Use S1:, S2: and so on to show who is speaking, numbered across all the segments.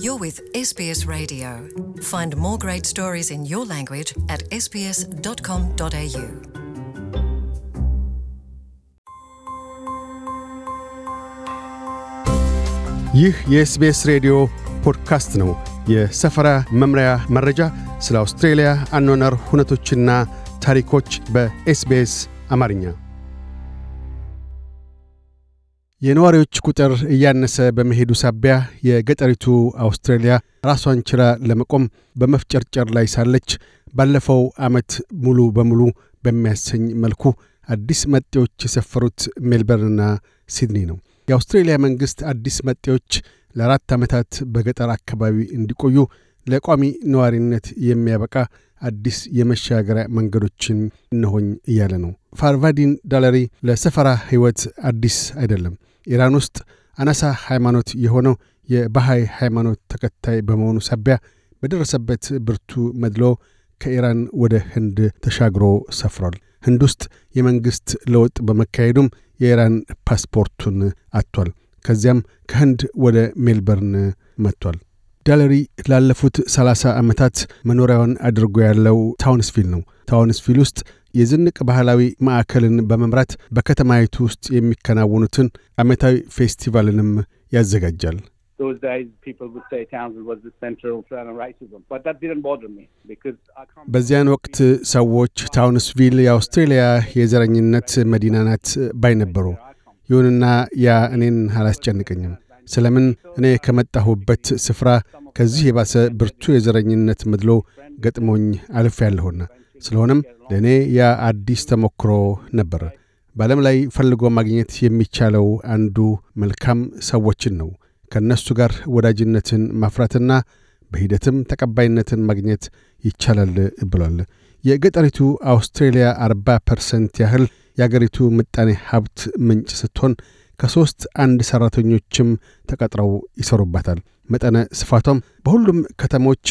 S1: You're with SBS Radio. Find more great stories in your language at sbs.com.au. ይህ የኤስቤስ ሬዲዮ ፖድካስት ነው። የሰፈራ መምሪያ መረጃ፣ ስለ አውስትሬልያ አኗኗር ሁነቶችና ታሪኮች በኤስቤስ አማርኛ የነዋሪዎች ቁጥር እያነሰ በመሄዱ ሳቢያ የገጠሪቱ አውስትራሊያ ራሷን ችላ ለመቆም በመፍጨርጨር ላይ ሳለች ባለፈው ዓመት ሙሉ በሙሉ በሚያሰኝ መልኩ አዲስ መጤዎች የሰፈሩት ሜልበርንና ሲድኒ ነው። የአውስትሬልያ መንግሥት አዲስ መጤዎች ለአራት ዓመታት በገጠር አካባቢ እንዲቆዩ ለቋሚ ነዋሪነት የሚያበቃ አዲስ የመሻገሪያ መንገዶችን እነሆኝ እያለ ነው። ፋርቫዲን ዳለሪ ለሰፈራ ሕይወት አዲስ አይደለም። ኢራን ውስጥ አናሳ ሃይማኖት የሆነው የባሃይ ሃይማኖት ተከታይ በመሆኑ ሳቢያ በደረሰበት ብርቱ መድሎ ከኢራን ወደ ህንድ ተሻግሮ ሰፍሯል። ህንድ ውስጥ የመንግሥት ለውጥ በመካሄዱም የኢራን ፓስፖርቱን አጥቷል። ከዚያም ከህንድ ወደ ሜልበርን መጥቷል። ዳለሪ ላለፉት 30 ዓመታት መኖሪያውን አድርጎ ያለው ታውንስቪል ነው። ታውንስቪል ውስጥ የዝንቅ ባህላዊ ማዕከልን በመምራት በከተማይቱ ውስጥ የሚከናወኑትን ዓመታዊ ፌስቲቫልንም ያዘጋጃል። በዚያን ወቅት ሰዎች ታውንስቪል የአውስትሬልያ የዘረኝነት መዲና ናት ባይነበሩ፣ ይሁንና ያ እኔን አላስጨንቀኝም። ስለምን እኔ ከመጣሁበት ስፍራ ከዚህ የባሰ ብርቱ የዘረኝነት መድሎ ገጥሞኝ አልፍ ያለሁና ስለሆነም ለእኔ ያ አዲስ ተሞክሮ ነበር። በዓለም ላይ ፈልጎ ማግኘት የሚቻለው አንዱ መልካም ሰዎችን ነው። ከእነሱ ጋር ወዳጅነትን ማፍራትና በሂደትም ተቀባይነትን ማግኘት ይቻላል ብሏል። የገጠሪቱ አውስትሬልያ 40 ፐርሰንት ያህል የአገሪቱ ምጣኔ ሀብት ምንጭ ስትሆን ከሦስት አንድ ሠራተኞችም ተቀጥረው ይሰሩባታል። መጠነ ስፋቷም በሁሉም ከተሞች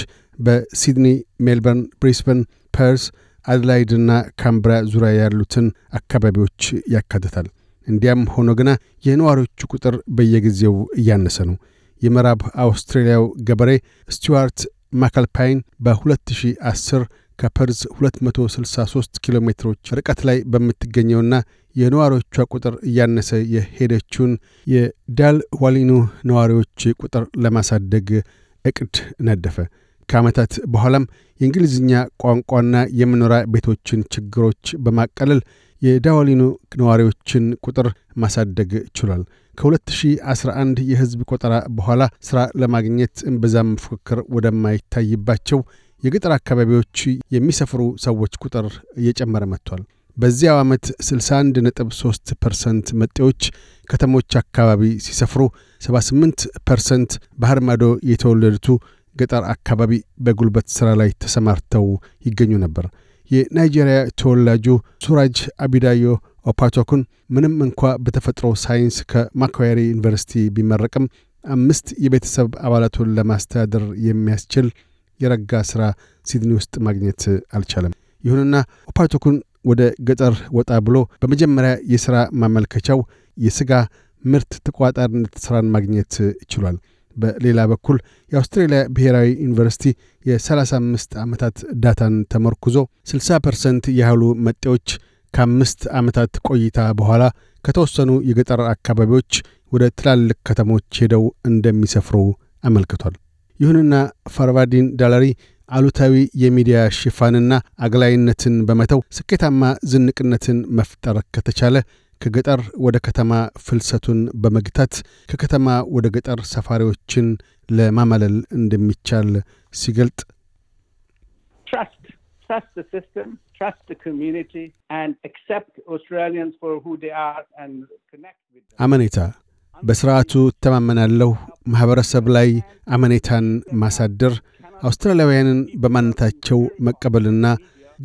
S1: በሲድኒ፣ ሜልበርን፣ ብሪስበን፣ ፐርስ፣ አድላይድና ካምብራ ዙሪያ ያሉትን አካባቢዎች ያካትታል። እንዲያም ሆኖ ግና የነዋሪዎቹ ቁጥር በየጊዜው እያነሰ ነው። የምዕራብ አውስትሬልያው ገበሬ ስቲዋርት ማካልፓይን በ2010 ከፐርዝ 263 ኪሎ ሜትሮች ርቀት ላይ በምትገኘውና የነዋሪዎቿ ቁጥር እያነሰ የሄደችውን የዳል ዋሊኑ ነዋሪዎች ቁጥር ለማሳደግ እቅድ ነደፈ። ከዓመታት በኋላም የእንግሊዝኛ ቋንቋና የመኖሪያ ቤቶችን ችግሮች በማቀለል የዳዋሊኑ ነዋሪዎችን ቁጥር ማሳደግ ችሏል። ከ2011 የሕዝብ ቆጠራ በኋላ ሥራ ለማግኘት እምብዛም ፉክክር ወደማይታይባቸው የገጠር አካባቢዎች የሚሰፍሩ ሰዎች ቁጥር እየጨመረ መጥቷል። በዚያው ዓመት 61.3 ፐርሰንት መጤዎች ከተሞች አካባቢ ሲሰፍሩ 78 ፐርሰንት ባህር ማዶ የተወለዱቱ ገጠር አካባቢ በጉልበት ሥራ ላይ ተሰማርተው ይገኙ ነበር። የናይጄሪያ ተወላጁ ሱራጅ አቢዳዮ ኦፓቶኩን ምንም እንኳ በተፈጥሮ ሳይንስ ከማኳሪ ዩኒቨርሲቲ ቢመረቅም አምስት የቤተሰብ አባላቱን ለማስተዳደር የሚያስችል የረጋ ሥራ ሲድኒ ውስጥ ማግኘት አልቻለም። ይሁንና ኦፓቶኩን ወደ ገጠር ወጣ ብሎ በመጀመሪያ የሥራ ማመልከቻው የሥጋ ምርት ተቋጣሪነት ሥራን ማግኘት ችሏል። በሌላ በኩል የአውስትሬልያ ብሔራዊ ዩኒቨርሲቲ የ35 ዓመታት ዳታን ተመርኩዞ 60 ፐርሰንት ያህሉ መጤዎች ከአምስት ዓመታት ቆይታ በኋላ ከተወሰኑ የገጠር አካባቢዎች ወደ ትላልቅ ከተሞች ሄደው እንደሚሰፍሩ አመልክቷል። ይሁንና ፈርቫዲን ዳላሪ አሉታዊ የሚዲያ ሽፋንና አግላይነትን በመተው ስኬታማ ዝንቅነትን መፍጠር ከተቻለ ከገጠር ወደ ከተማ ፍልሰቱን በመግታት ከከተማ ወደ ገጠር ሰፋሪዎችን ለማማለል እንደሚቻል ሲገልጥ አመኔታ በሥርዓቱ እተማመናለሁ። ማኅበረሰብ ላይ አመኔታን ማሳደር አውስትራሊያውያንን በማንነታቸው መቀበልና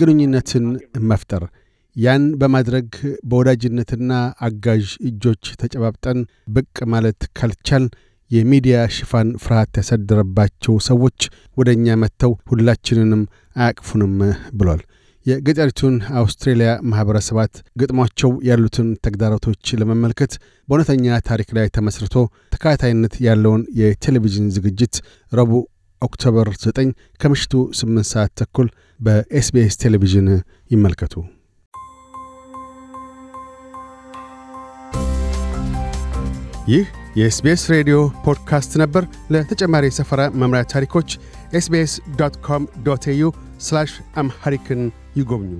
S1: ግንኙነትን መፍጠር ያን በማድረግ በወዳጅነትና አጋዥ እጆች ተጨባብጠን ብቅ ማለት ካልቻል የሚዲያ ሽፋን ፍርሃት ያሳደረባቸው ሰዎች ወደ እኛ መጥተው ሁላችንንም አያቅፉንም ብሏል። የገጠሪቱን አውስትሬሊያ ማኅበረሰባት ግጥሟቸው ያሉትን ተግዳሮቶች ለመመልከት በእውነተኛ ታሪክ ላይ ተመስርቶ ተካታይነት ያለውን የቴሌቪዥን ዝግጅት ረቡዕ ኦክቶበር 9 ከምሽቱ 8 ሰዓት ተኩል በኤስቢኤስ ቴሌቪዥን ይመልከቱ። ይህ የኤስቢኤስ ሬዲዮ ፖድካስት ነበር። ለተጨማሪ የሰፈራ መምሪያ ታሪኮች ኤስቢኤስ ዶት ኮም ዶት ኤዩ አምሐሪክን ይጎብኙ።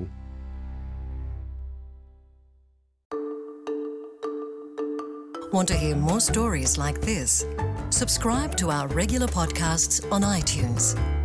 S1: Want to hear more stories like this? subscribe to our regular podcasts on iTunes.